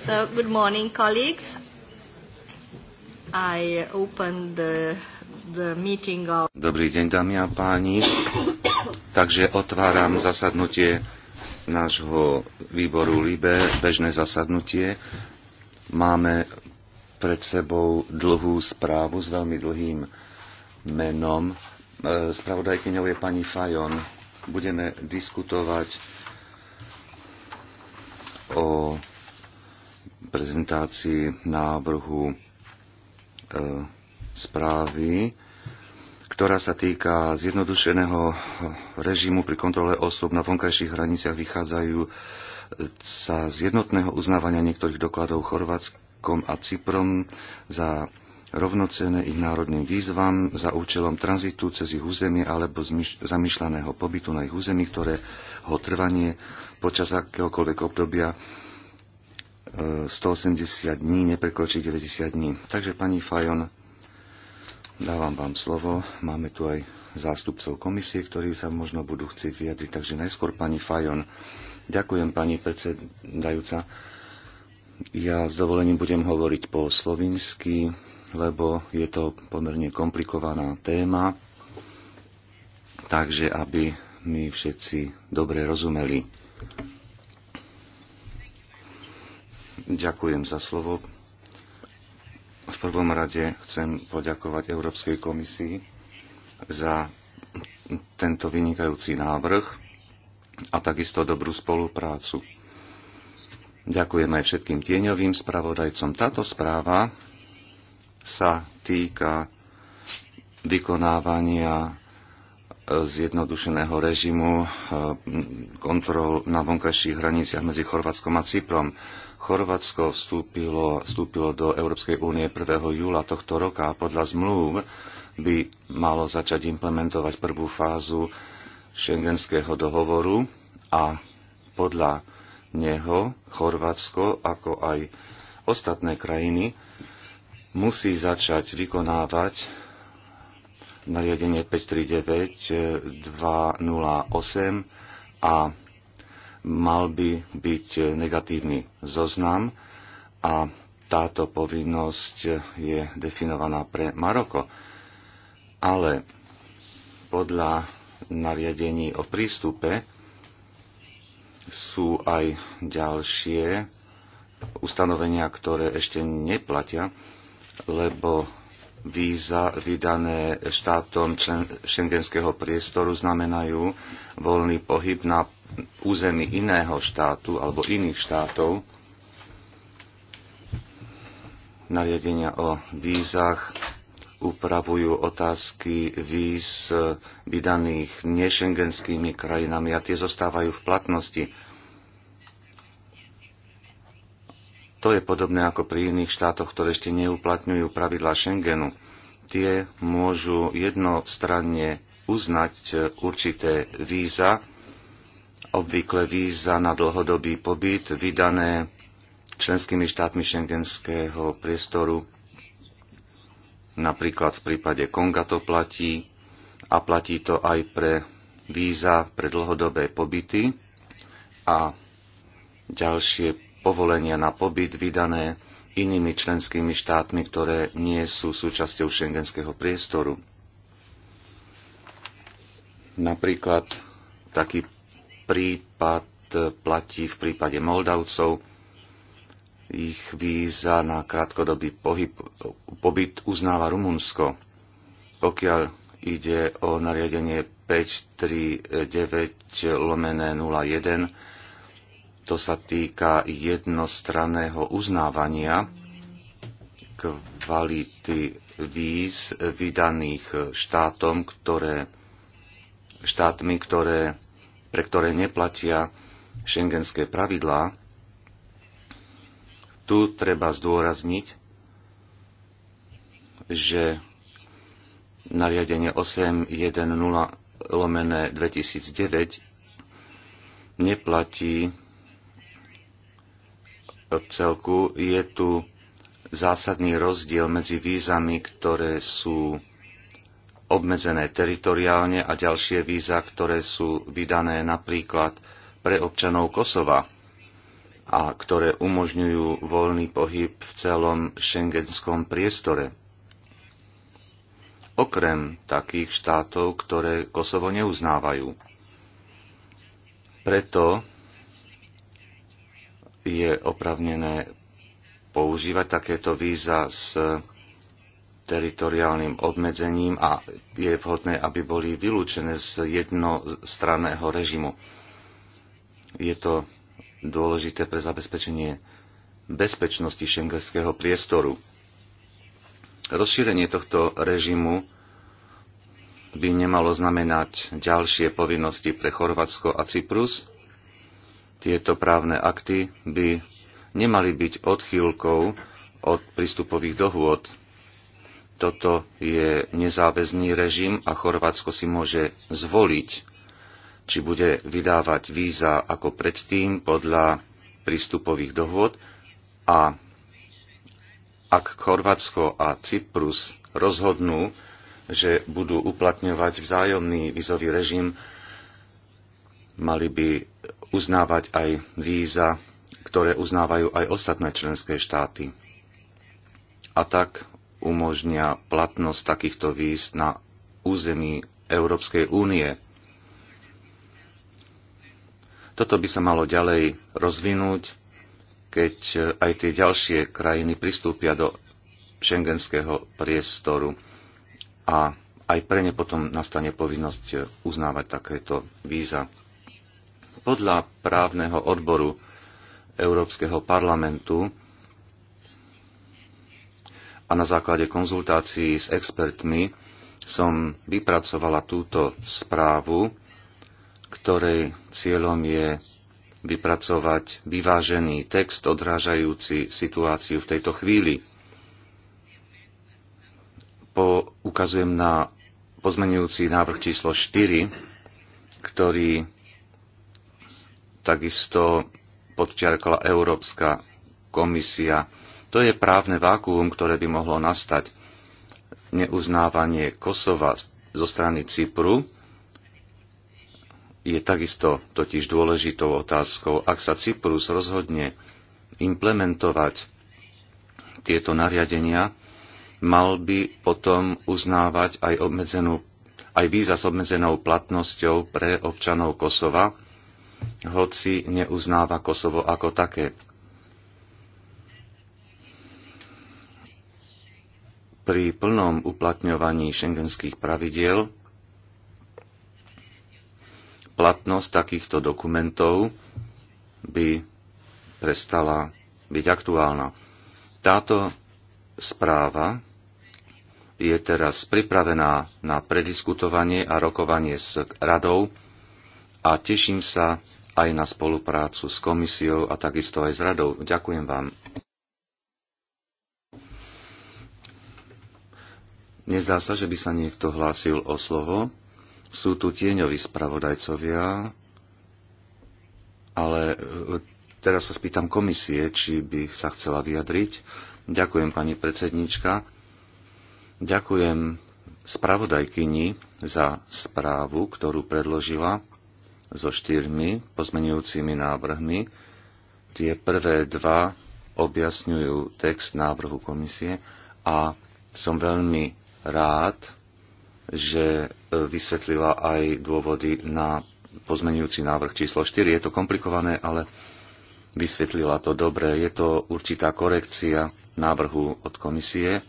So, good morning, colleagues. I open the, the meeting of... Dobrý deň, dámy a páni. Takže otváram zasadnutie nášho výboru LIBE, bežné zasadnutie. Máme pred sebou dlhú správu s veľmi dlhým menom. E, spravodajkyňou je pani Fajon. Budeme diskutovať o prezentácii návrhu e, správy, ktorá sa týka zjednodušeného režimu pri kontrole osôb na vonkajších hraniciach vychádzajú sa z jednotného uznávania niektorých dokladov Chorvátskom a Cyprom za rovnocené ich národným výzvam za účelom tranzitu cez ich územie alebo zamýšľaného pobytu na ich území, ktoré ho trvanie počas akéhokoľvek obdobia 180 e, dní neprekročí 90 dní. Takže pani Fajon, dávam vám slovo. Máme tu aj zástupcov komisie, ktorí sa možno budú chcieť vyjadriť. Takže najskôr pani Fajon. Ďakujem pani predsedajúca. Ja s dovolením budem hovoriť po slovinsky lebo je to pomerne komplikovaná téma, takže aby my všetci dobre rozumeli. Ďakujem za slovo. V prvom rade chcem poďakovať Európskej komisii za tento vynikajúci návrh a takisto dobrú spoluprácu. Ďakujem aj všetkým tieňovým spravodajcom. Táto správa sa týka vykonávania e, zjednodušeného režimu e, kontrol na vonkajších hraniciach medzi Chorvátskom a Cyprom. Chorvátsko vstúpilo, vstúpilo do Európskej únie 1. júla tohto roka a podľa zmluv by malo začať implementovať prvú fázu šengenského dohovoru a podľa neho Chorvátsko, ako aj ostatné krajiny, musí začať vykonávať nariadenie 539 208 a mal by byť negatívny zoznam a táto povinnosť je definovaná pre Maroko. Ale podľa nariadení o prístupe sú aj ďalšie ustanovenia, ktoré ešte neplatia lebo víza vydané štátom člen, šengenského priestoru znamenajú voľný pohyb na území iného štátu alebo iných štátov. Nariadenia o vízach upravujú otázky víz vydaných nešengenskými krajinami a tie zostávajú v platnosti To je podobné ako pri iných štátoch, ktoré ešte neuplatňujú pravidlá Schengenu. Tie môžu jednostranne uznať e, určité víza, obvykle víza na dlhodobý pobyt vydané členskými štátmi šengenského priestoru. Napríklad v prípade Konga to platí a platí to aj pre víza pre dlhodobé pobyty a ďalšie povolenia na pobyt vydané inými členskými štátmi, ktoré nie sú súčasťou šengenského priestoru. Napríklad taký prípad platí v prípade Moldavcov. Ich víza na krátkodobý pohyb, pobyt uznáva Rumunsko. Pokiaľ ide o nariadenie 539 lomené 01, to sa týka jednostranného uznávania kvality víz vydaných štátom, ktoré, štátmi, ktoré, pre ktoré neplatia šengenské pravidlá. Tu treba zdôrazniť, že nariadenie 810 lomené 2009 neplatí celku je tu zásadný rozdiel medzi vízami, ktoré sú obmedzené teritoriálne a ďalšie víza, ktoré sú vydané napríklad pre občanov Kosova a ktoré umožňujú voľný pohyb v celom šengenskom priestore. Okrem takých štátov, ktoré Kosovo neuznávajú. Preto je opravnené používať takéto víza s teritoriálnym obmedzením a je vhodné, aby boli vylúčené z jednostranného režimu. Je to dôležité pre zabezpečenie bezpečnosti šengerského priestoru. Rozšírenie tohto režimu by nemalo znamenať ďalšie povinnosti pre Chorvátsko a Cyprus, tieto právne akty by nemali byť odchýlkou od prístupových dohôd. Toto je nezáväzný režim a Chorvátsko si môže zvoliť, či bude vydávať víza ako predtým podľa prístupových dohôd a ak Chorvátsko a Cyprus rozhodnú, že budú uplatňovať vzájomný vízový režim, mali by uznávať aj víza, ktoré uznávajú aj ostatné členské štáty. A tak umožnia platnosť takýchto víz na území Európskej únie. Toto by sa malo ďalej rozvinúť, keď aj tie ďalšie krajiny pristúpia do šengenského priestoru a aj pre ne potom nastane povinnosť uznávať takéto víza. Podľa právneho odboru Európskeho parlamentu a na základe konzultácií s expertmi som vypracovala túto správu, ktorej cieľom je vypracovať vyvážený text odrážajúci situáciu v tejto chvíli. Po, ukazujem na pozmenujúci návrh číslo 4, ktorý takisto podčiarkala Európska komisia. To je právne vákuum, ktoré by mohlo nastať. Neuznávanie Kosova zo strany Cypru je takisto totiž dôležitou otázkou. Ak sa Cyprus rozhodne implementovať tieto nariadenia, mal by potom uznávať aj, obmedzenú, aj víza s obmedzenou platnosťou pre občanov Kosova, hoci neuznáva Kosovo ako také. Pri plnom uplatňovaní šengenských pravidiel platnosť takýchto dokumentov by prestala byť aktuálna. Táto správa je teraz pripravená na prediskutovanie a rokovanie s radou a teším sa aj na spoluprácu s komisiou a takisto aj s radou. Ďakujem vám. Nezdá sa, že by sa niekto hlásil o slovo. Sú tu tieňoví spravodajcovia, ale e, teraz sa spýtam komisie, či by sa chcela vyjadriť. Ďakujem, pani predsednička. Ďakujem spravodajkyni za správu, ktorú predložila so štyrmi pozmenujúcimi návrhmi. Tie prvé dva objasňujú text návrhu komisie a som veľmi rád, že e, vysvetlila aj dôvody na pozmenujúci návrh číslo 4. Je to komplikované, ale vysvetlila to dobre. Je to určitá korekcia návrhu od komisie,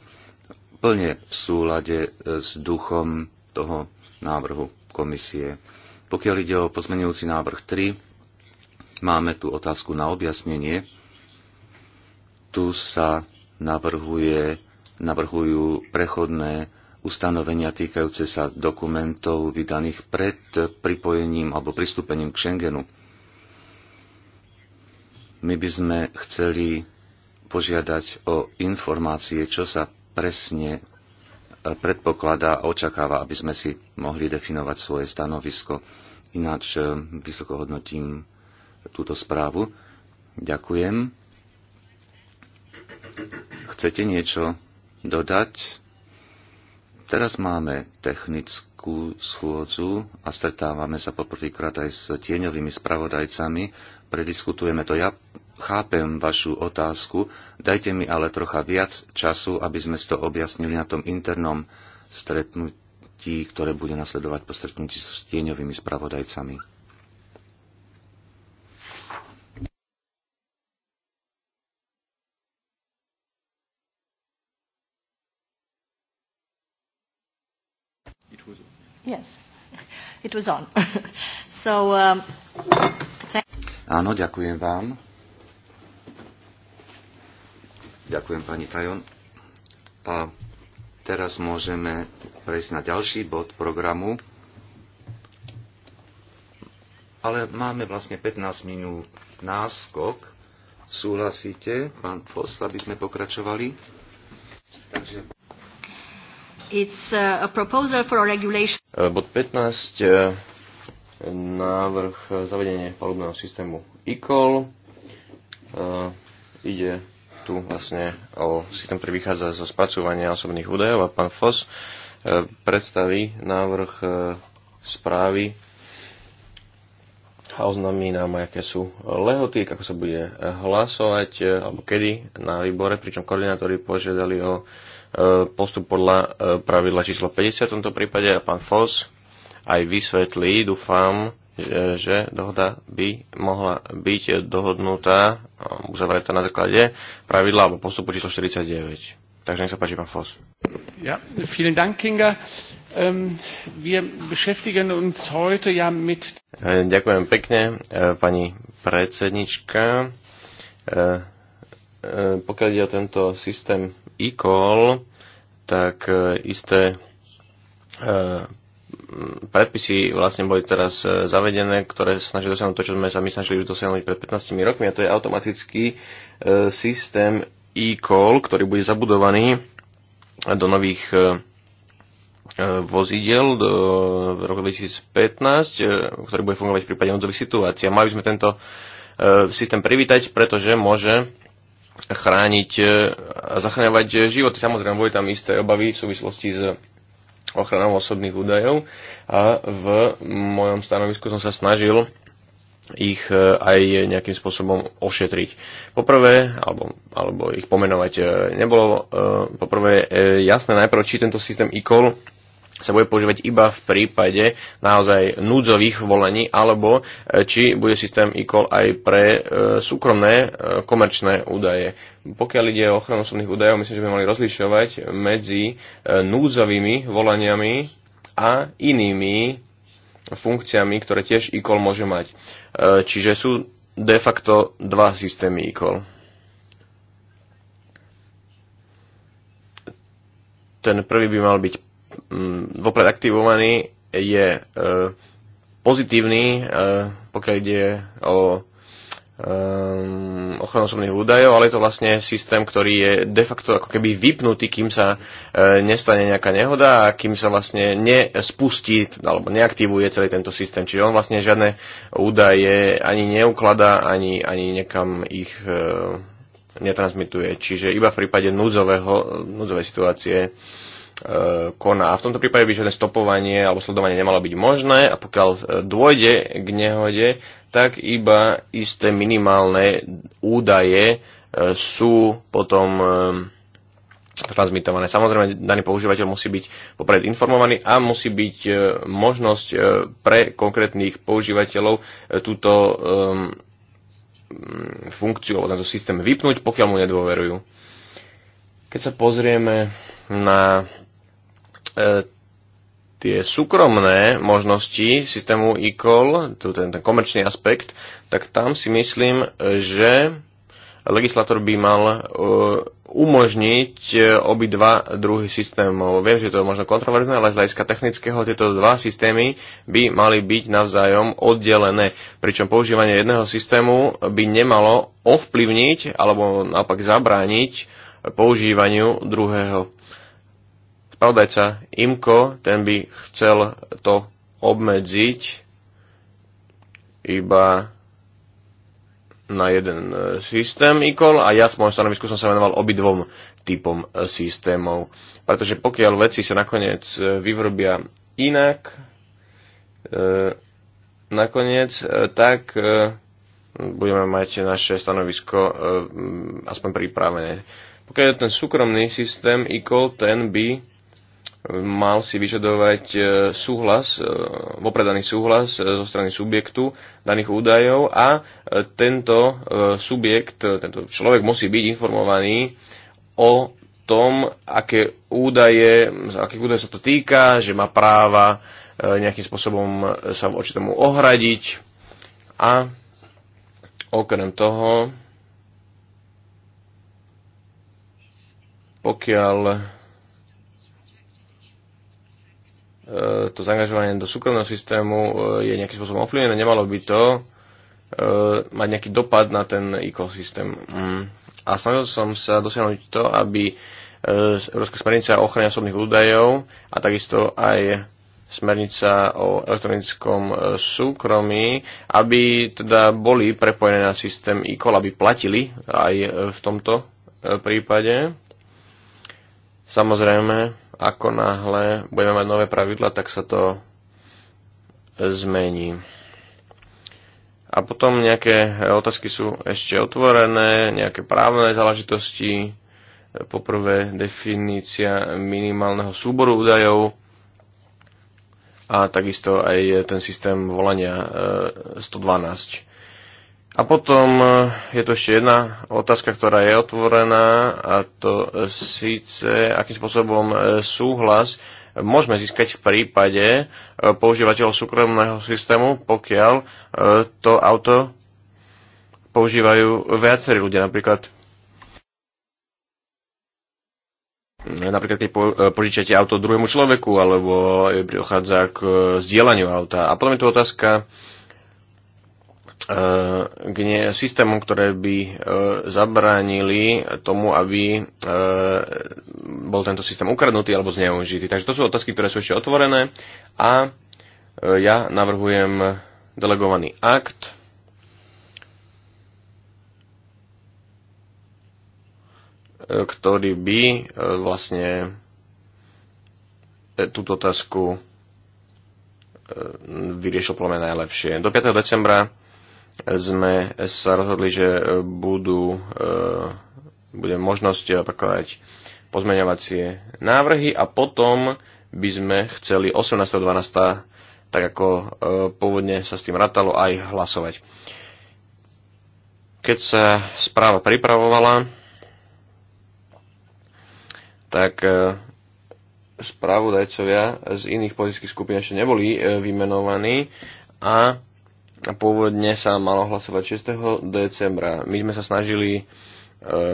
plne v súlade e, s duchom toho návrhu komisie. Pokiaľ ide o pozmenujúci návrh 3, máme tu otázku na objasnenie. Tu sa navrhuje, navrhujú prechodné ustanovenia týkajúce sa dokumentov vydaných pred pripojením alebo pristúpením k Schengenu. My by sme chceli požiadať o informácie, čo sa presne predpokladá a očakáva, aby sme si mohli definovať svoje stanovisko. Ináč e, vysoko hodnotím túto správu. Ďakujem. Chcete niečo dodať? Teraz máme technickú schôdzu a stretávame sa poprvýkrát aj s tieňovými spravodajcami. Prediskutujeme to. Ja chápem vašu otázku, dajte mi ale trocha viac času, aby sme to objasnili na tom internom stretnutí, ktoré bude nasledovať po stretnutí s tieňovými spravodajcami. Yes, it was on. so, um, Áno, ďakujem vám. Ďakujem pani Tajon. A teraz môžeme prejsť na ďalší bod programu. Ale máme vlastne 15 minút náskok. Súhlasíte, pán Post, aby sme pokračovali? Takže... It's uh, a proposal for a regulation. E, bod 15, e, návrh e, zavedenie palubného systému ICOL. E, ide tu vlastne o systém, ktorý vychádza zo spracovania osobných údajov a pán Fos e, predstaví návrh e, správy a oznámí nám, aké sú lehoty, ako sa bude hlasovať, e, alebo kedy na výbore, pričom koordinátori požiadali o postup podľa pravidla číslo 50 v tomto prípade a pán Fos aj vysvetlí, dúfam, že dohoda by mohla byť dohodnutá, uzavretá na základe pravidla alebo postupu číslo 49. Takže nech sa páči, pán Foss. Ja, vielen Dank, Kinga. Um, ähm, wir beschäftigen uns heute ja mit... Äh, ďakujem pekne, äh, pani predsednička. Äh, pokiaľ ide o tento systém e-call, tak isté predpisy vlastne boli teraz e, zavedené, ktoré sa snažili dosiahnuť to, čo sme sa my snažili už dosiahnuť pred 15 rokmi, a to je automatický e, systém e-call, ktorý bude zabudovaný do nových e, vozidel do roku 2015, ktorý bude fungovať v prípade núdzových situácií. A mali sme tento systém privítať, pretože môže chrániť a zachraňovať životy. Samozrejme, boli tam isté obavy v súvislosti s ochranou osobných údajov a v mojom stanovisku som sa snažil ich e, aj nejakým spôsobom ošetriť. Poprvé, alebo, alebo ich pomenovať e, nebolo, e, poprvé jasné najprv, či tento systém e sa bude používať iba v prípade naozaj núdzových volení, alebo e, či bude systém e-call aj pre e, súkromné e, komerčné údaje. Pokiaľ ide o ochranu osobných údajov, myslím, že by mali rozlišovať medzi núdzovými volaniami a inými funkciami, ktoré tiež e-call môže mať. čiže sú de facto dva systémy e-call. Ten prvý by mal byť Mm, vopred aktivovaný, je e, pozitívny, e, pokiaľ ide o e, ochranu osobných údajov, ale je to vlastne systém, ktorý je de facto ako keby vypnutý, kým sa nestane nejaká nehoda a kým sa vlastne nespustí alebo neaktivuje celý tento systém. Čiže on vlastne žiadne údaje ani neukladá, ani, ani niekam ich netransmituje. Čiže iba v prípade núdzovej situácie E, koná. A v tomto prípade by žiadne stopovanie alebo sledovanie nemalo byť možné a pokiaľ e, dôjde k nehode, tak iba isté minimálne údaje e, sú potom transmitované. Samozrejme, daný používateľ musí byť popred informovaný a musí byť možnosť pre konkrétnych používateľov túto funkciu alebo tento systém vypnúť, pokiaľ mu nedôverujú. Keď sa pozrieme na E, tie súkromné možnosti systému e-call, ten, ten komerčný aspekt, tak tam si myslím, že legislátor by mal e, umožniť e, obidva druhy systémov. Viem, že to je možno kontroverzné, ale z hľadiska technického tieto dva systémy by mali byť navzájom oddelené. Pričom používanie jedného systému by nemalo ovplyvniť alebo naopak zabrániť používaniu druhého. Spravodajca Imko, ten by chcel to obmedziť iba na jeden e, systém ikol a ja v mojom stanovisku som sa venoval obidvom typom e, systémov. Pretože pokiaľ veci sa nakoniec e, vyvrbia inak, e, nakoniec, e, tak e, budeme mať naše stanovisko e, aspoň pripravené. Pokiaľ je ten súkromný systém ikol, ten by mal si vyžadovať e, súhlas, e, opredaný súhlas e, zo strany subjektu daných údajov a tento subjekt, tento človek musí byť informovaný o tom, aké údaje, aké údaje sa to týka, že má práva nejakým spôsobom sa voči tomu ohradiť a okrem toho, pokiaľ to zaangažovanie do súkromného systému e, je nejakým spôsobom ovplyvnené, nemalo by to e, mať nejaký dopad na ten ekosystém. Mm. A snažil som sa dosiahnuť to, aby e, Európska smernica o ochrane osobných údajov a takisto aj smernica o elektronickom súkromí, aby teda boli prepojené na systém e-call, aby platili aj v tomto prípade. Samozrejme, ako náhle budeme mať nové pravidla, tak sa to zmení. A potom nejaké otázky sú ešte otvorené, nejaké právne záležitosti, poprvé definícia minimálneho súboru údajov a takisto aj ten systém volania 112. E, a potom e, je tu ešte jedna otázka, ktorá je otvorená a to síce, akým spôsobom e, súhlas môžeme získať v prípade e, používateľov súkromného systému, pokiaľ to auto používajú viacerí ľudia, napríklad napríklad keď požičiate auto druhému človeku alebo prichádza k zdieľaniu auta. A potom je tu otázka k ne, systémom, ktoré by e, zabránili tomu, aby e, bol tento systém ukradnutý alebo zneužitý. Takže to sú otázky, ktoré sú ešte otvorené a e, ja navrhujem delegovaný akt. E, ktorý by e, vlastne e, túto otázku vyriešil plne najlepšie. Do 5. decembra sme sa rozhodli, že e, budú, e, bude možnosť prekladať pozmeňovacie návrhy a potom by sme chceli 18.12. tak ako e, pôvodne sa s tým ratalo aj hlasovať. Keď sa správa pripravovala, tak správodajcovia z iných politických skupín ešte neboli vymenovaní a Pôvodne sa malo hlasovať 6. decembra. My sme sa snažili e,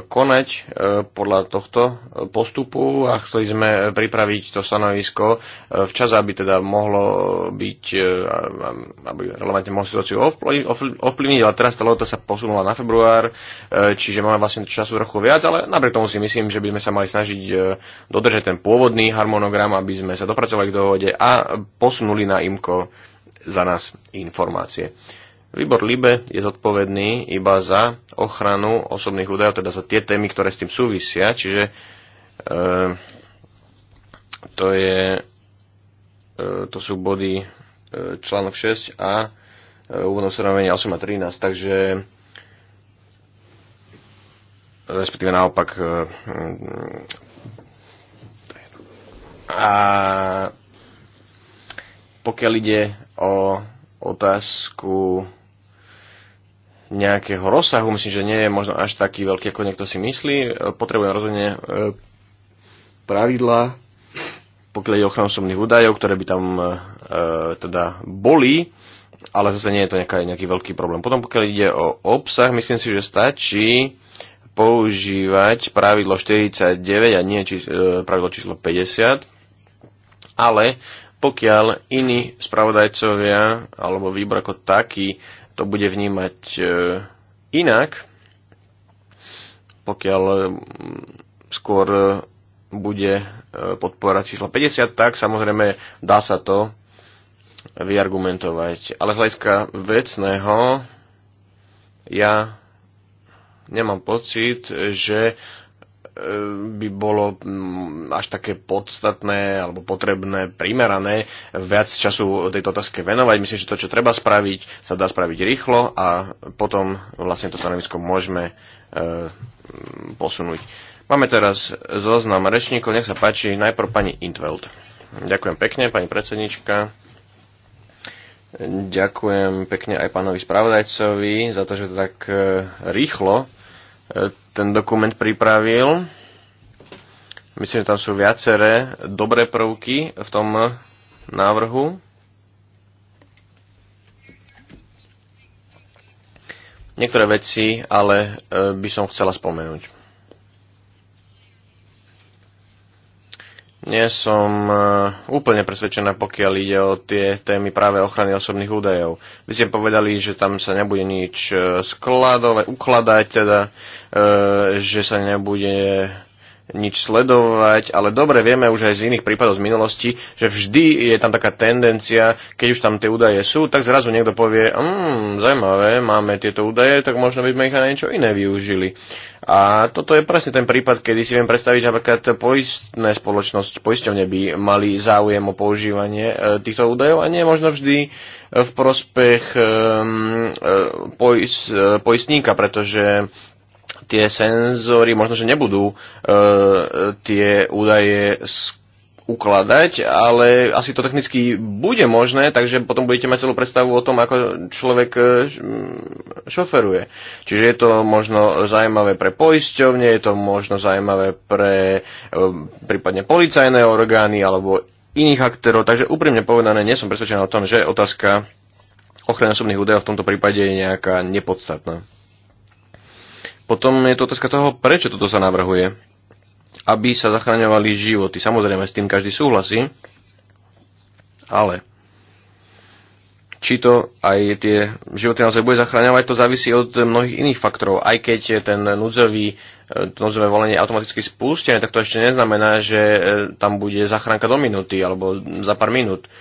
konať e, podľa tohto e, postupu a chceli sme pripraviť to stanovisko včas, aby teda mohlo byť, aby relevantne mohlo situáciu ovplyvniť, ale teraz tá lota sa posunula na február, čiže máme vlastne času trochu viac, ale napriek tomu si myslím, že by sme sa mali snažiť dodržať ten pôvodný harmonogram, aby sme sa dopracovali k dohode a posunuli na IMKO za nás informácie. Výbor LIBE je zodpovedný iba za ochranu osobných údajov, teda za tie témy, ktoré s tým súvisia, čiže e, to, je, e, to sú body e, článok 6 a e, úvodné ustanovenie 8 a 13, takže respektíve naopak e, a pokiaľ ide o otázku nejakého rozsahu, myslím, že nie je možno až taký veľký, ako niekto si myslí. Potrebujem rozhodne e, pravidla. pokiaľ ide ochranu osobných údajov, ktoré by tam e, teda boli, ale zase nie je to nejaká, nejaký veľký problém. Potom pokiaľ ide o obsah, myslím si, že stačí používať pravidlo 49 a nie či, e, pravidlo číslo 50, ale pokiaľ iní spravodajcovia alebo výbor ako taký to bude vnímať e, inak, pokiaľ e, skôr e, bude podpora číslo 50, tak samozrejme dá sa to vyargumentovať. Ale z hľadiska vecného ja nemám pocit, že by bolo mm, až také podstatné alebo potrebné, primerané viac času tejto otázke venovať. Myslím, že to, čo treba spraviť, sa dá spraviť rýchlo a potom vlastne to stanovisko môžeme e, posunúť. Máme teraz zoznam rečníkov, nech sa páči najprv pani Intveld. Ďakujem pekne, pani predsednička. Ďakujem pekne aj pánovi spravodajcovi za to, že to tak e, rýchlo ten dokument pripravil. Myslím, že tam sú viaceré dobré prvky v tom návrhu. Niektoré veci ale e, by som chcela spomenúť. nie som e, úplne presvedčená, pokiaľ ide o tie témy práve ochrany osobných údajov. Vy ste povedali, že tam sa nebude nič e, skladovať, ukladať, teda, e, že sa nebude nič sledovať, ale dobre vieme už aj z iných prípadov z minulosti, že vždy je tam taká tendencia, keď už tam tie údaje sú, tak zrazu niekto povie, mmm, zaujímavé, máme tieto údaje, tak možno by sme ich aj na niečo iné využili. A toto je presne ten prípad, kedy si viem predstaviť, že napríklad poistné spoločnosť, poisťovne by mali záujem o používanie e, týchto údajov a nie možno vždy e, v prospech e, poist, poistníka, pretože tie senzory možno, že nebudú e, tie údaje ukladať, ale asi to technicky bude možné, takže potom budete mať celú predstavu o tom, ako človek e, šoferuje. Čiže je to možno zaujímavé pre poisťovne, je to možno zaujímavé pre e, prípadne policajné orgány alebo iných aktérov, takže úprimne povedané, nie som presvedčený o tom, že otázka ochrany osobných údajov v tomto prípade je nejaká nepodstatná. Potom je to otázka toho, prečo toto sa navrhuje. Aby sa zachraňovali životy. Samozrejme, s tým každý súhlasí, ale či to aj tie životy naozaj bude zachraňovať, to závisí od mnohých iných faktorov. Aj keď je ten núdzový, e, to núdzové volenie automaticky spustené, tak to ešte neznamená, že e, tam bude zachránka do minúty alebo za pár minút.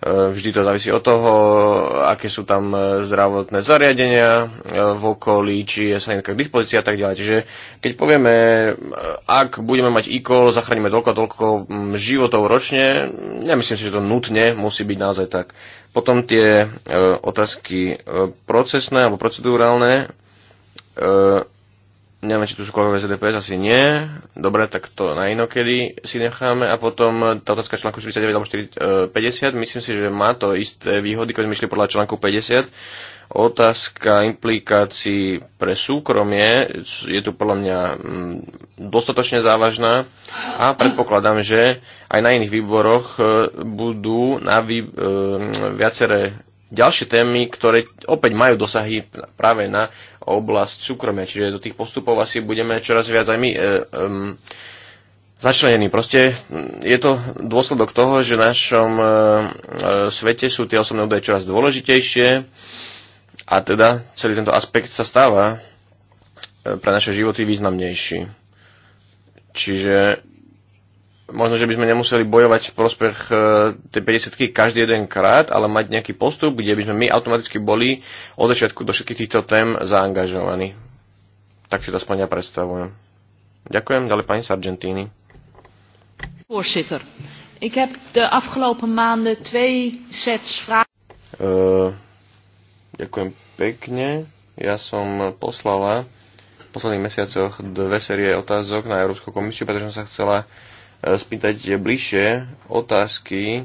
Eh, vždy to závisí od toho, aké sú tam eh, zdravotné zariadenia eh, v okolí, či je sanitka k dispozícii a tak ďalej. Čiže keď povieme, ak budeme mať e-call, zachránime toľko toľko mm, životov ročne, nemyslím si, že to nutne musí byť naozaj tak. Potom tie otázky procesné alebo procedurálne, Neviem, či tu sú kolegové ZDPS, asi nie. Dobre, tak to na inokedy si necháme. A potom e, tá otázka článku 49 alebo 4, 50, e, myslím si, že má to isté výhody, keď sme išli podľa článku 50. Otázka implikácií pre súkromie je tu podľa mňa mm, dostatočne závažná a predpokladám, že aj na iných výboroch e, budú na vý, viaceré ďalšie témy, ktoré opäť majú dosahy práve na oblasť súkromia. Čiže do tých postupov asi budeme čoraz viac aj my e, um, začlenení. Proste mm, je to dôsledok toho, že v našom e, e, svete sú tie osobné údaje čoraz dôležitejšie a teda celý tento aspekt sa stáva e, pre naše životy významnejší. Čiže možno, že by sme nemuseli bojovať v prospech e, tej 50 každý jeden krát, ale mať nejaký postup, kde by sme my automaticky boli od začiatku do všetkých týchto tém zaangažovaní. Tak si to aspoň ja predstavujem. Ďakujem, ďalej pani Sargentini. ik heb de afgelopen maanden twee sets vragen. Uh, ďakujem pekne. Ja som poslala v posledných mesiacoch dve série otázok na Európsku komisiu, pretože som sa chcela uh, E, spýtať bližšie otázky, e,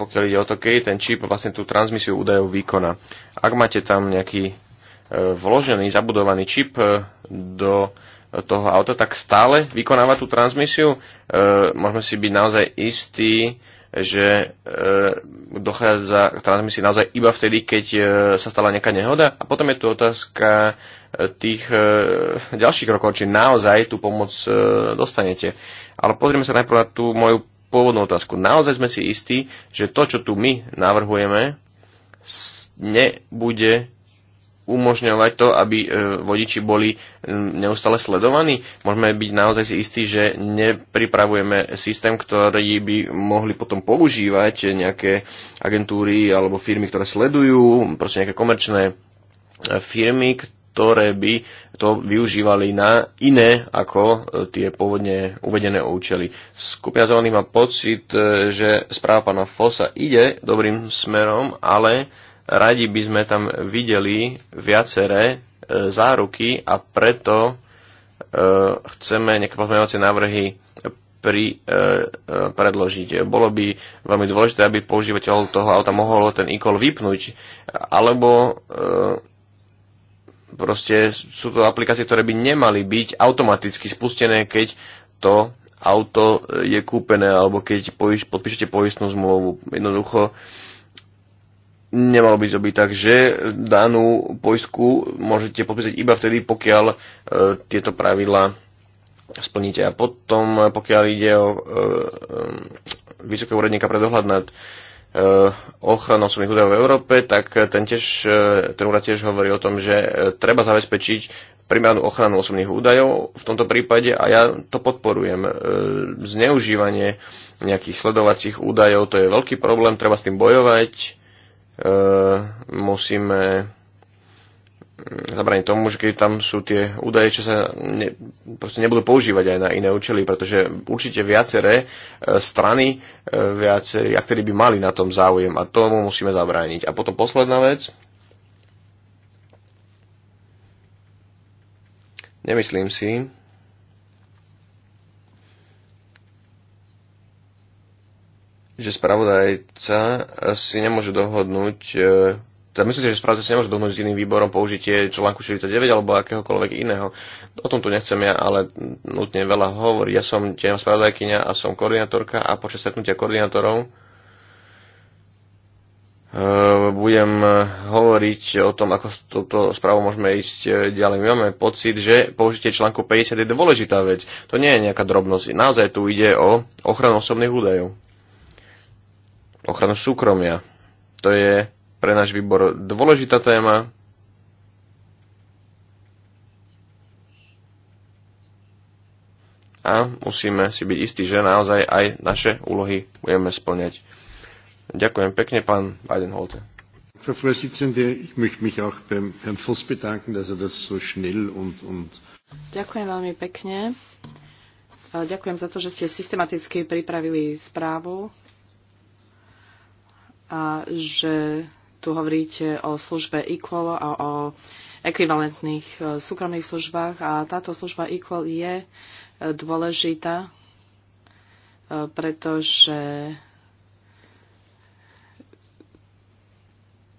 pokiaľ ide o to, keď ten čip vlastne tú transmisiu údajov výkona. Ak máte tam nejaký e, vložený, zabudovaný čip do toho auta, tak stále vykonáva tú transmisiu. Môžeme si byť naozaj istí, že e, dochádza k transmisii naozaj iba vtedy, keď e, sa stala nejaká nehoda. A potom je tu otázka e, tých e, ďalších krokov, či naozaj tú pomoc e, dostanete. Ale pozrieme sa najprv na tú moju pôvodnú otázku. Naozaj sme si istí, že to, čo tu my navrhujeme, nebude umožňovať to, aby e, vodiči boli e, neustále sledovaní? Môžeme byť naozaj si istí, že nepripravujeme systém, ktorý by mohli potom používať nejaké agentúry alebo firmy, ktoré sledujú, proste nejaké komerčné e, firmy, ktoré by to využívali na iné ako tie pôvodne uvedené účely. Skupina zelených má pocit, že správa pána Fosa ide dobrým smerom, ale Radi by sme tam videli viaceré e, záruky a preto e, chceme nejaké pozmeňovacie návrhy pri, e, e, predložiť. Bolo by veľmi dôležité, aby používateľ toho auta mohol ten e-call vypnúť, alebo e, proste sú to aplikácie, ktoré by nemali byť automaticky spustené, keď to auto je kúpené, alebo keď podpíšete poistnú zmluvu. Jednoducho e, nemalo by to byť tak, že danú poistku môžete podpísať iba vtedy, pokiaľ e, tieto pravidla splníte. A potom, e, pokiaľ ide o e, vysokého úradníka pre dohľad nad ochranou osobných údajov v Európe, tak ten, tiež, ten úrad tiež hovorí o tom, že treba zabezpečiť primárnu ochranu osobných údajov v tomto prípade a ja to podporujem. Zneužívanie nejakých sledovacích údajov, to je veľký problém, treba s tým bojovať E, musíme mm, zabraniť tomu, že keď tam sú tie údaje, čo sa ne, proste nebudú používať aj na iné účely, pretože určite viaceré e, strany, e, viacerí aktéry by mali na tom záujem a tomu musíme zabrániť. A potom posledná vec. Nemyslím si, že spravodajca si nemôže dohodnúť e, teda myslíte, že spravodajca si nemôže dohodnúť s iným výborom použitie článku 49 alebo akéhokoľvek iného. O tom tu nechcem ja ale nutne veľa hovoriť. Ja som tiež spravodajkyňa a som koordinátorka a počas stretnutia koordinátorov e, budem hovoriť o tom, ako s touto správou môžeme ísť e, ďalej. My máme pocit, že použitie článku 50 je dôležitá vec. To nie je nejaká drobnosť. Naozaj tu ide o ochranu osobných údajov ochranu súkromia. To je pre náš výbor dôležitá téma. A musíme si byť istí, že naozaj aj naše úlohy budeme splňať. Ďakujem pekne, pán Weidenholte. Frau Vorsitzende, ich möchte mich auch beim Herrn Voss bedanken, dass er das so schnell und, und Ďakujem veľmi pekne. Ďakujem za to, že ste systematicky pripravili správu a že tu hovoríte o službe Equal a o ekvivalentných e, súkromných službách a táto služba Equal je e, dôležitá, e, pretože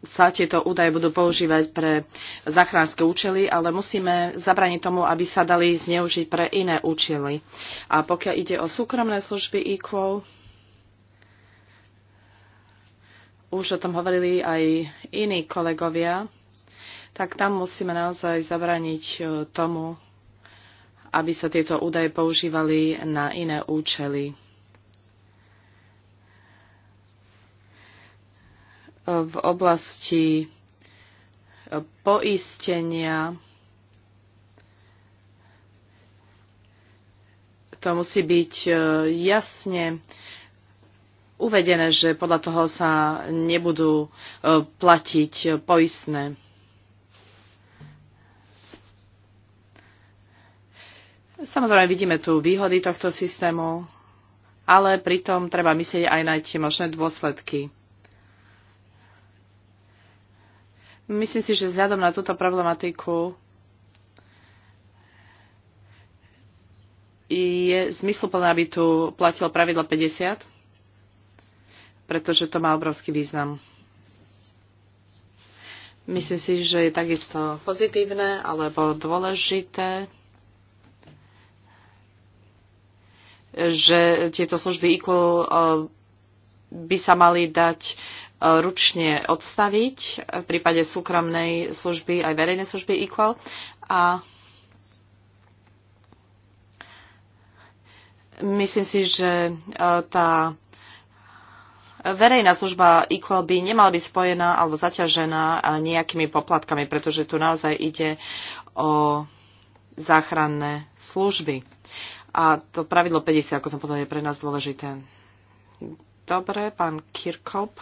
sa tieto údaje budú používať pre zachránske účely, ale musíme zabraniť tomu, aby sa dali zneužiť pre iné účely. A pokiaľ ide o súkromné služby Equal, už o tom hovorili aj iní kolegovia, tak tam musíme naozaj zabraniť e, tomu, aby sa tieto údaje používali na iné účely. V oblasti e, poistenia to musí byť e, jasne uvedené, že podľa toho sa nebudú e, platiť poistné. Samozrejme, vidíme tu výhody tohto systému, ale pritom treba myslieť aj na tie možné dôsledky. Myslím si, že vzhľadom na túto problematiku je zmysluplné, aby tu platilo pravidlo 50 pretože to má obrovský význam. Myslím si, že je takisto pozitívne alebo dôležité, že tieto služby Equal eh, by sa mali dať eh, ručne odstaviť v prípade súkromnej služby aj verejnej služby Equal a myslím si, že eh, tá verejná služba Equal by nemala byť spojená alebo zaťažená nejakými poplatkami, pretože tu naozaj ide o záchranné služby. A to pravidlo 50, ako som povedal, je pre nás dôležité. Dobre, pán Kirkop.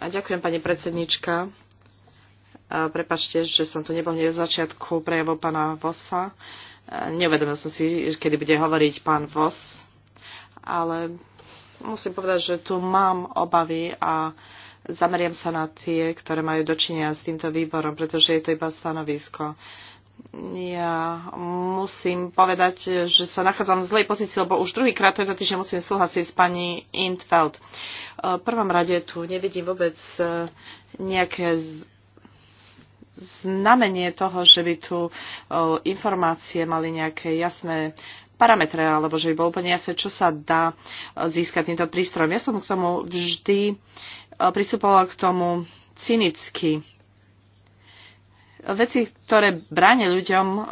A ďakujem, pani predsednička. A prepačte, že som tu nebol hneď v začiatku prejavu pána Vosa. Neuvedomil som si, kedy bude hovoriť pán Vos, ale musím povedať, že tu mám obavy a zameriam sa na tie, ktoré majú dočinenia s týmto výborom, pretože je to iba stanovisko. Ja musím povedať, že sa nachádzam v zlej pozícii, lebo už druhýkrát tento týždeň musím súhlasiť s pani Intfeld. V prvom rade tu nevidím vôbec e, nejaké znamenie toho, že by tu e, informácie mali nejaké jasné parametre, alebo že by bolo úplne jasné, čo sa dá e, získať týmto prístrojom. Ja som k tomu vždy e, pristupovala k tomu cynicky. Veci, ktoré bráne ľuďom e,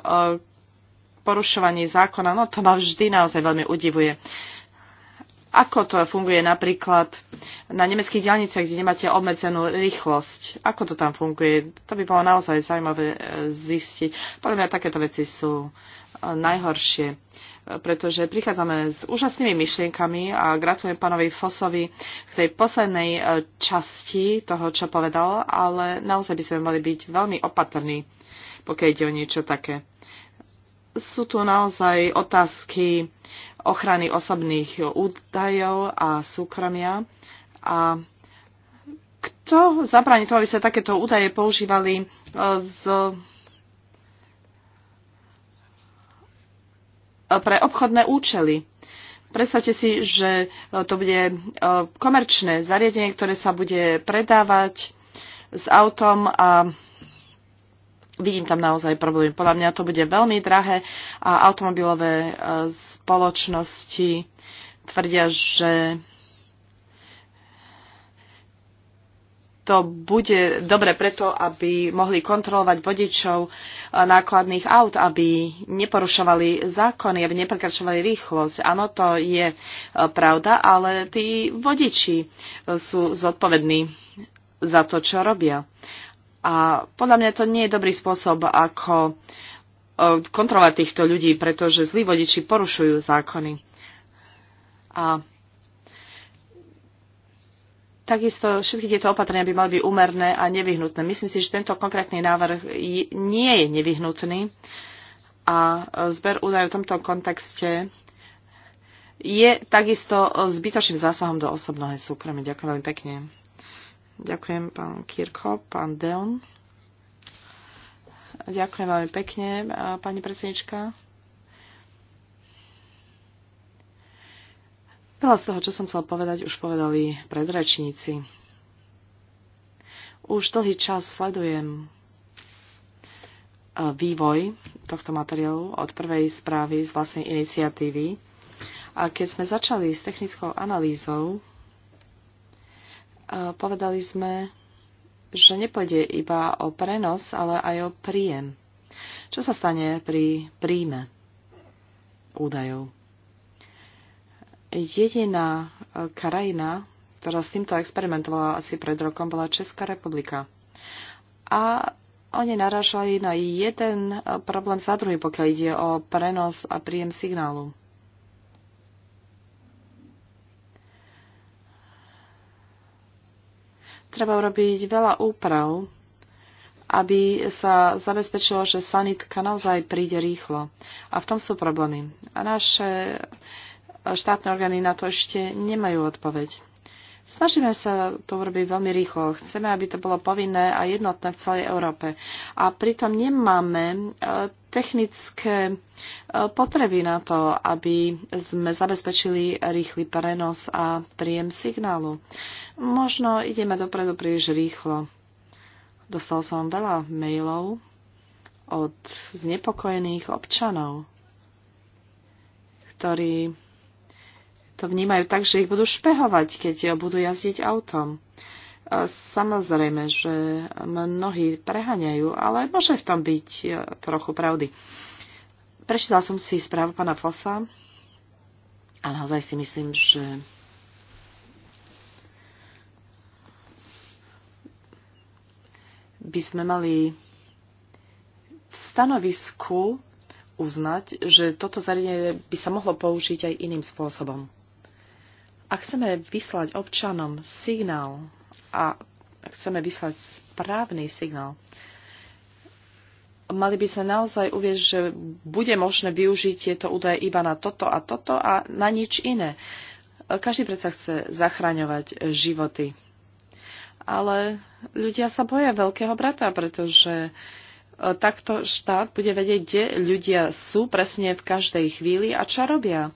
porušovaní zákona, no to ma vždy naozaj veľmi udivuje. Ako to funguje napríklad na nemeckých diálniciach, kde nemáte obmedzenú rýchlosť? Ako to tam funguje? To by bolo naozaj zaujímavé e, zistiť. Podľa mňa takéto veci sú e, najhoršie, pretože prichádzame s úžasnými myšlienkami a gratulujem pánovi Fosovi k tej poslednej e, časti toho, čo povedal, ale naozaj by sme mali byť veľmi opatrní, pokiaľ ide o niečo také. Sú tu naozaj otázky ochrany osobných údajov a súkromia. A kto zabráni to, aby sa takéto údaje používali e, z e, pre obchodné účely. Predstavte si, že e, to bude komerčné zariadenie, ktoré sa bude predávať s autom a vidím tam naozaj problém. Podľa mňa to bude veľmi drahé a automobilové e, spoločnosti tvrdia, že to bude dobre preto, aby mohli kontrolovať vodičov e, nákladných aut, aby neporušovali zákony, aby neprekračovali rýchlosť. Áno, to je e, pravda, ale tí vodiči sú zodpovední za to, čo robia. A podľa mňa to nie je dobrý spôsob, ako e, kontrolovať týchto ľudí, pretože zlí vodiči porušujú zákony. A takisto všetky tieto opatrenia by mali byť úmerné a nevyhnutné. Myslím si, že tento konkrétny návrh nie je nevyhnutný a zber údajov v tomto kontexte je takisto zbytočným zásahom do osobného súkromia. Ďakujem veľmi pekne. Ďakujem pán Kirko, pán Deon. Ďakujem veľmi pekne, pani predsednička. Veľa z toho, čo som chcel povedať, už povedali predrečníci. Už dlhý čas sledujem vývoj tohto materiálu od prvej správy z vlastnej iniciatívy. A keď sme začali s technickou analýzou, povedali sme, že nepôjde iba o prenos, ale aj o príjem. Čo sa stane pri príjme údajov? Jediná e, krajina, ktorá s týmto experimentovala asi pred rokom, bola Česká republika. A oni narážali na jeden e, problém za druhý, pokiaľ ide o prenos a príjem signálu. Treba urobiť veľa úprav, aby sa zabezpečilo, že sanitka naozaj príde rýchlo. A v tom sú problémy. A naše štátne orgány na to ešte nemajú odpoveď. Snažíme sa to urobiť veľmi rýchlo. Chceme, aby to bolo povinné a jednotné v celej Európe. A pritom nemáme e, technické e, potreby na to, aby sme zabezpečili rýchly prenos a príjem signálu. Možno ideme dopredu príliš rýchlo. Dostal som veľa mailov od znepokojených občanov, ktorí to vnímajú tak, že ich budú špehovať, keď budú jazdiť autom. E, samozrejme, že mnohí preháňajú, ale môže v tom byť e, trochu pravdy. Prečítala som si správu pana Fosa a naozaj si myslím, že by sme mali v stanovisku uznať, že toto zariadenie by sa mohlo použiť aj iným spôsobom. Ak chceme vyslať občanom signál a ak chceme vyslať správny signál, mali by sme naozaj uvieť, že bude možné využiť tieto údaje iba na toto a toto a na nič iné. Každý predsa chce zachraňovať životy. Ale ľudia sa boja veľkého brata, pretože e, takto štát bude vedieť, kde ľudia sú presne v každej chvíli a čo robia.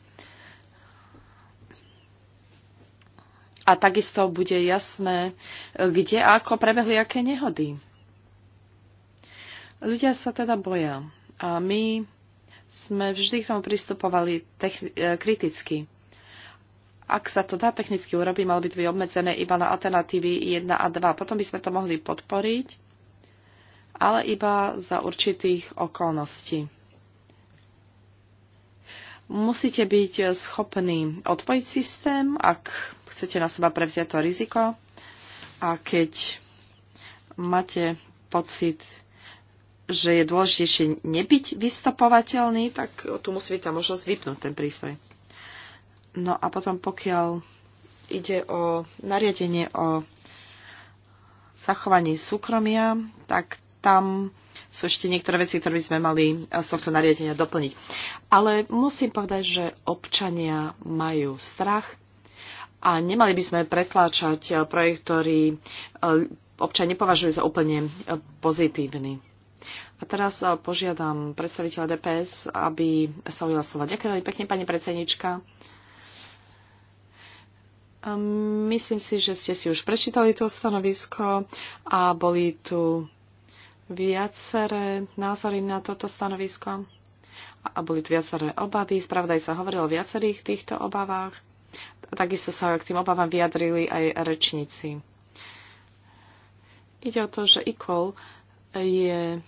a takisto bude jasné, kde a ako prebehli aké nehody. Ľudia sa teda boja a my sme vždy k tomu pristupovali e, kriticky. Ak sa to dá technicky urobiť, malo by to byť obmedzené iba na alternatívy 1 a 2. Potom by sme to mohli podporiť, ale iba za určitých okolností. Musíte byť schopní odpojiť systém, ak chcete na seba prevziať to riziko a keď máte pocit, že je dôležitejšie nebyť vystopovateľný, tak tu musí byť tá možnosť vypnúť ten prístroj. No a potom pokiaľ ide o nariadenie o zachovaní súkromia, tak tam sú ešte niektoré veci, ktoré by sme mali z tohto nariadenia doplniť. Ale musím povedať, že občania majú strach a nemali by sme pretláčať eh, projekt, ktorý eh, občania nepovažujú za úplne eh, pozitívny. A teraz požiadam predstaviteľa DPS, aby sa ujela slova. Ďakujem veľmi pekne, pani predsednička. Ehm, myslím si, že ste si už prečítali to stanovisko a boli tu viaceré názory na toto stanovisko a boli tu viaceré obavy. Spravdaj sa hovoril o viacerých týchto obavách. Takisto sa k tým obavám vyjadrili aj rečníci. Ide o to, že ICOL je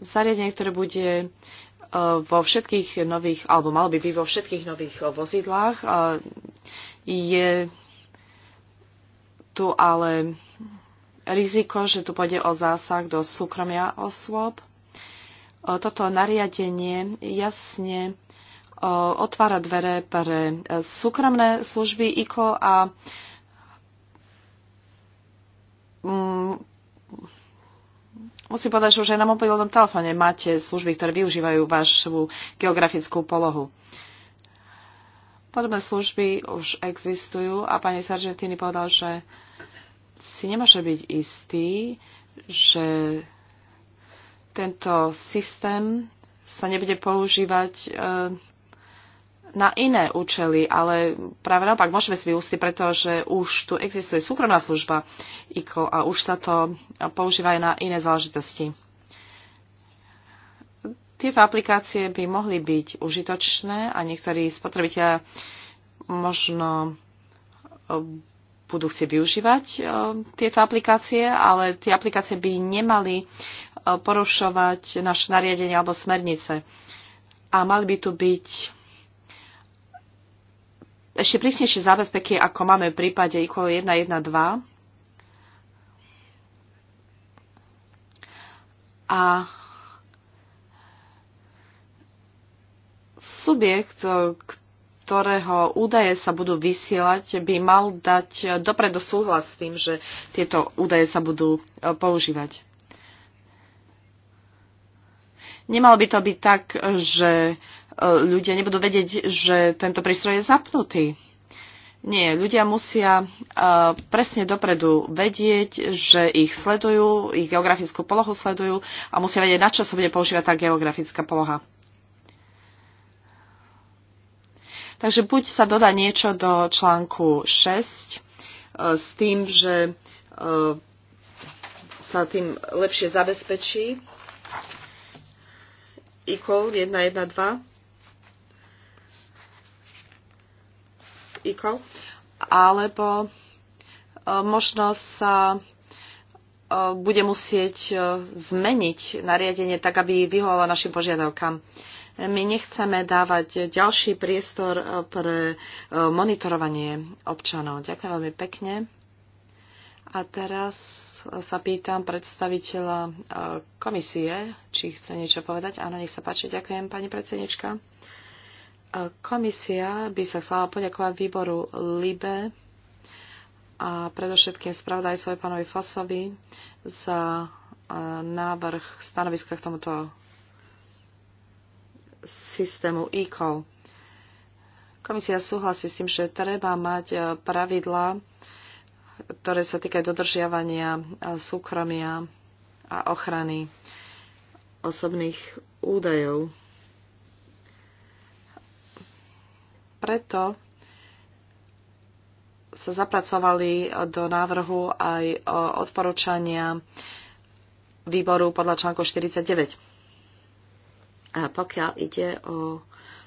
zariadenie, ktoré bude e, vo všetkých nových, alebo malo by byť vo všetkých nových vozidlách. E, je tu ale riziko, že tu pôjde o zásah do súkromia osôb. Toto nariadenie jasne otvára dvere pre e, súkromné služby ICO a mm, musím povedať, že už aj na mobilnom telefóne máte služby, ktoré využívajú vašu geografickú polohu. Podobné služby už existujú a pani Sargentini povedal, že si nemôže byť istý, že tento systém sa nebude používať e, na iné účely, ale práve naopak môžeme si vyústiť, pretože už tu existuje súkromná služba ICO a už sa to používa aj na iné záležitosti. Tieto aplikácie by mohli byť užitočné a niektorí spotrebitelia možno budú chcieť využívať e, tieto aplikácie, ale tie aplikácie by nemali e, porušovať naše nariadenie alebo smernice. A mali by tu byť ešte prísnejšie zábezpeky, ako máme v prípade IQL 1.1.2. A subjekt, ktorého údaje sa budú vysielať, by mal dať dopredu súhlas s tým, že tieto údaje sa budú e, používať. Nemalo by to byť tak, že e, ľudia nebudú vedieť, že tento prístroj je zapnutý. Nie, ľudia musia e, presne dopredu vedieť, že ich sledujú, ich geografickú polohu sledujú a musia vedieť, na čo sa bude používať tá geografická poloha Takže buď sa dodá niečo do článku 6 e, s tým, že e, sa tým lepšie zabezpečí equal 112 equal alebo e, možno sa bude musieť zmeniť nariadenie tak, aby vyhovalo našim požiadavkám. My nechceme dávať ďalší priestor eh, pre eh, monitorovanie občanov. Ďakujem veľmi pekne. A teraz eh, sa pýtam predstaviteľa komisie, či chce niečo povedať. Áno, nech sa páči. Ďakujem, pani predsednička. Komisia by sa chcela poďakovať výboru LIBE a predovšetkým svoj pánovi Fosovi za návrh stanoviska k tomuto systému ECOL. Komisia súhlasí s tým, že treba mať e, pravidlá, ktoré sa týkajú dodržiavania e, súkromia a ochrany osobných údajov. Preto sa zapracovali do návrhu aj odporúčania výboru podľa článku 49 a pokiaľ ide o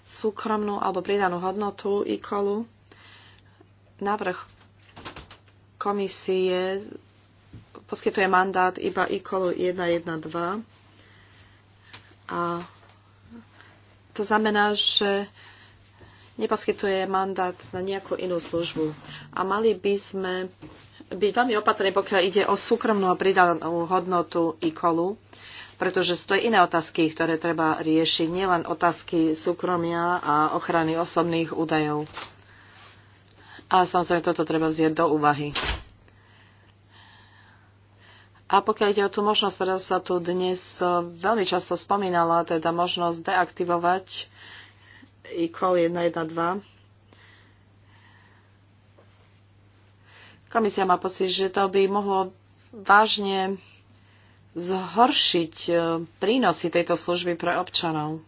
súkromnú alebo pridanú hodnotu ikolu, návrh komisie poskytuje mandát iba ikolu 112 a to znamená, že neposkytuje mandát na nejakú inú službu. A mali by sme byť veľmi opatrní, pokiaľ ide o súkromnú a pridanú hodnotu ikolu pretože sú to iné otázky, ktoré treba riešiť, nielen otázky súkromia a ochrany osobných údajov. A samozrejme toto treba vziať do úvahy. A pokiaľ ide o tú možnosť, ktorá sa tu dnes veľmi často spomínala, teda možnosť deaktivovať e-call 112, komisia má pocit, že to by mohlo vážne zhoršiť e, prínosy tejto služby pre občanov.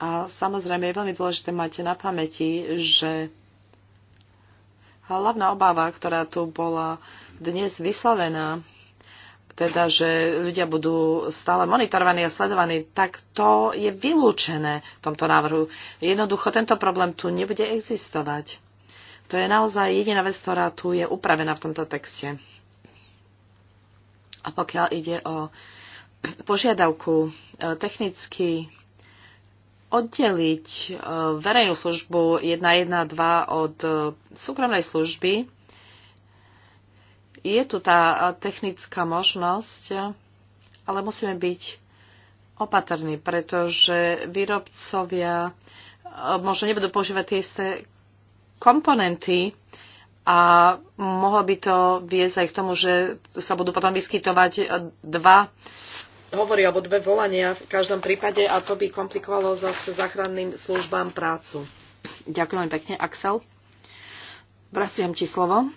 A samozrejme je veľmi dôležité mať na pamäti, že hlavná obava, ktorá tu bola dnes vyslovená, teda, že ľudia budú stále monitorovaní a sledovaní, tak to je vylúčené v tomto návrhu. Jednoducho tento problém tu nebude existovať. To je naozaj jediná vec, ktorá tu je upravená v tomto texte. A pokiaľ ide o požiadavku e, technicky oddeliť e, verejnú službu 112 od e, súkromnej služby, je tu tá technická možnosť, ale musíme byť opatrní, pretože výrobcovia možno nebudú používať tie isté komponenty, a mohlo by to viesť aj k tomu, že sa budú potom vyskytovať dva hovorí alebo dve volania v každom prípade a to by komplikovalo zase záchranným službám prácu. Ďakujem pekne, Axel. Vraciam ti slovo.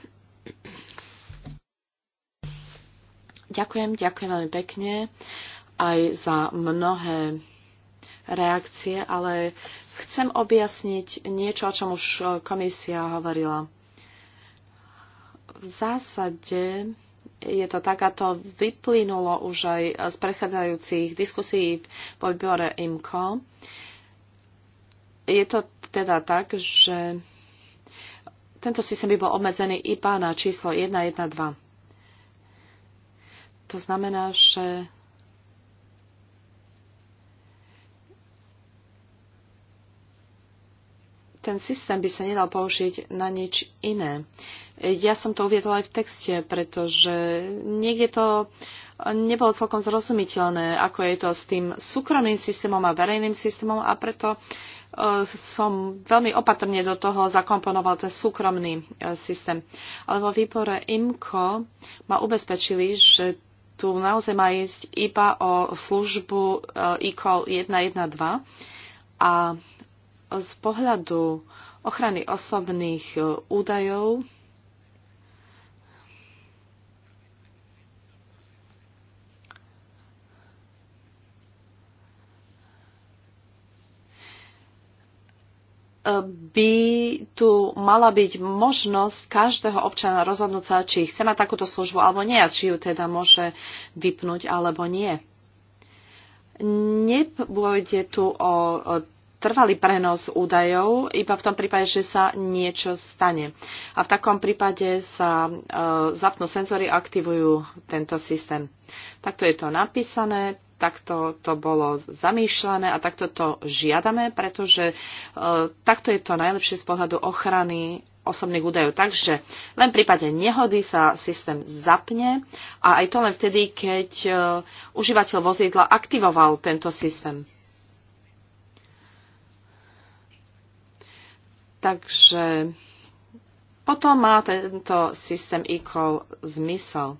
Ďakujem, ďakujem veľmi pekne aj za mnohé reakcie, ale chcem objasniť niečo, o čom už komisia hovorila. V zásade je to tak, a to vyplynulo už aj z prechádzajúcich diskusí v výbore IMCO. Je to teda tak, že tento systém by bol obmedzený iba na číslo 112. To znamená, že ten systém by sa nedal použiť na nič iné. Ja som to uviedla aj v texte, pretože niekde to nebolo celkom zrozumiteľné, ako je to s tým súkromným systémom a verejným systémom a preto e, som veľmi opatrne do toho zakomponoval ten súkromný e, systém. Ale vo výbore IMCO ma ubezpečili, že tu naozaj má ísť iba o službu e, e-call 112 a z pohľadu ochrany osobných e, údajov e, by tu mala byť možnosť každého občana rozhodnúť sa, či chce mať takúto službu alebo nie a či ju teda môže vypnúť alebo nie. Nepôjde tu o, o trvalý prenos údajov iba v tom prípade, že sa niečo stane. A v takom prípade sa e, zapnú senzory a aktivujú tento systém. Takto je to napísané, takto to bolo zamýšľané a takto to žiadame, pretože e, takto je to najlepšie z pohľadu ochrany osobných údajov. Takže len v prípade nehody sa systém zapne a aj to len vtedy, keď e, užívateľ vozidla aktivoval tento systém. Takže potom má tento systém e-call zmysel.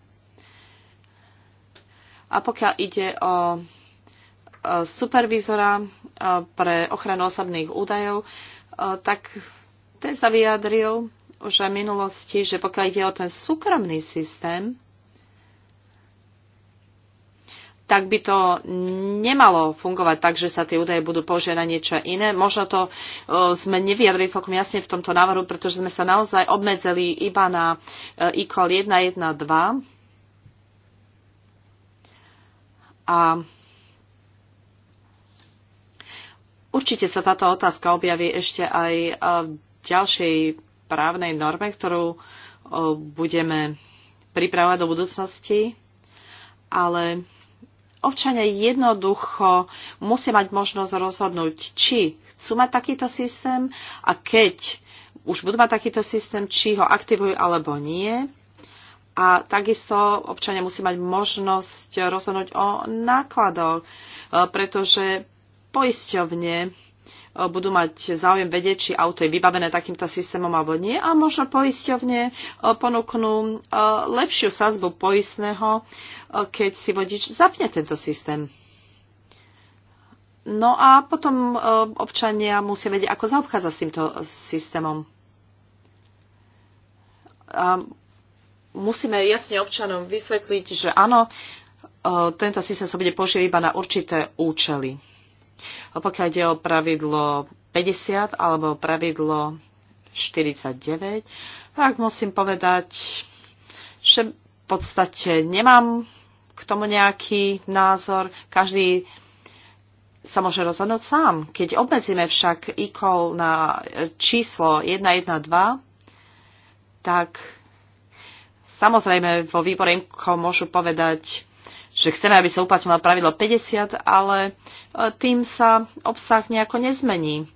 A pokiaľ ide o supervízora pre ochranu osobných údajov, tak ten sa vyjadril už aj v minulosti, že pokiaľ ide o ten súkromný systém, tak by to nemalo fungovať tak, že sa tie údaje budú použiť na niečo iné. Možno to e, sme nevyjadrili celkom jasne v tomto návrhu, pretože sme sa naozaj obmedzili iba na e 112. A určite sa táto otázka objaví ešte aj e, v ďalšej právnej norme, ktorú e, budeme pripravovať do budúcnosti, ale občania jednoducho musia mať možnosť rozhodnúť, či chcú mať takýto systém a keď už budú mať takýto systém, či ho aktivujú alebo nie. A takisto občania musí mať možnosť rozhodnúť o nákladoch, e, pretože poisťovne budú mať záujem vedieť, či auto je vybavené takýmto systémom alebo nie a možno poisťovne ponúknú lepšiu sazbu poistného, keď si vodič zapne tento systém. No a potom občania musia vedieť, ako zaobchádza s týmto systémom. A musíme jasne občanom vysvetliť, že áno, tento systém sa bude používať iba na určité účely pokiaľ ide o pravidlo 50 alebo pravidlo 49, tak musím povedať, že v podstate nemám k tomu nejaký názor. Každý sa môže rozhodnúť sám. Keď obmedzíme však e-call na číslo 112, tak samozrejme vo výbore môžu povedať, že chceme, aby sa uplatňovalo pravidlo 50, ale e, tým sa obsah nejako nezmení.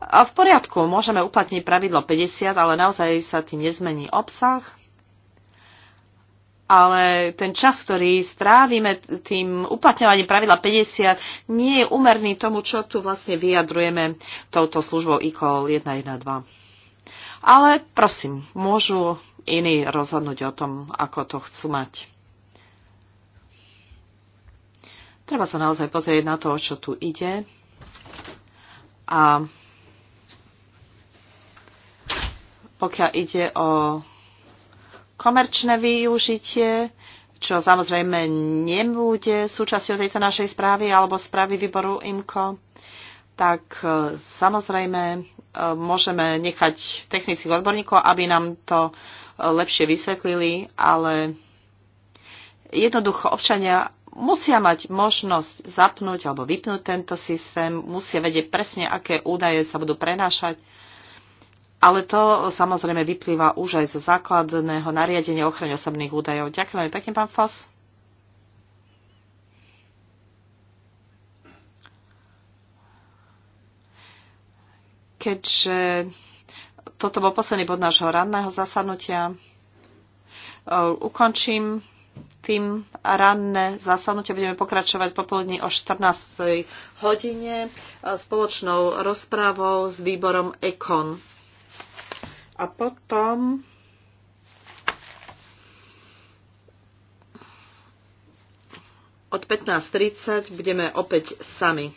A v poriadku, môžeme uplatniť pravidlo 50, ale naozaj sa tým nezmení obsah. Ale ten čas, ktorý strávime tým uplatňovaním pravidla 50, nie je umerný tomu, čo tu vlastne vyjadrujeme touto službou ICOL 112. Ale prosím, môžu iní rozhodnúť o tom, ako to chcú mať. Treba sa naozaj pozrieť na to, o čo tu ide. A pokiaľ ide o komerčné využitie, čo samozrejme nebude súčasťou tejto našej správy alebo správy výboru IMCO, tak e, samozrejme e, môžeme nechať technických odborníkov, aby nám to e, lepšie vysvetlili, ale jednoducho občania musia mať možnosť zapnúť alebo vypnúť tento systém, musia vedieť presne, aké údaje sa budú prenášať. Ale to samozrejme vyplýva už aj zo základného nariadenia ochrany osobných údajov. Ďakujem veľmi pekne, pán Foss. Keďže toto bol posledný bod nášho radného zasadnutia, e, ukončím tým ranné zasadnutie budeme pokračovať popoludní o 14. hodine e, spoločnou rozprávou s výborom EKON. A potom od 15.30 budeme opäť sami.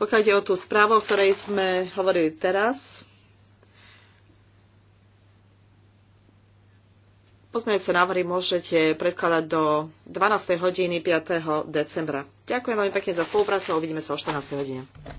Pokiaľ ide o tú správu, o ktorej sme hovorili teraz, Pozmejúce návrhy môžete predkladať do 12. hodiny 5. decembra. Ďakujem veľmi pekne za spoluprácu a uvidíme sa o 14. hodine.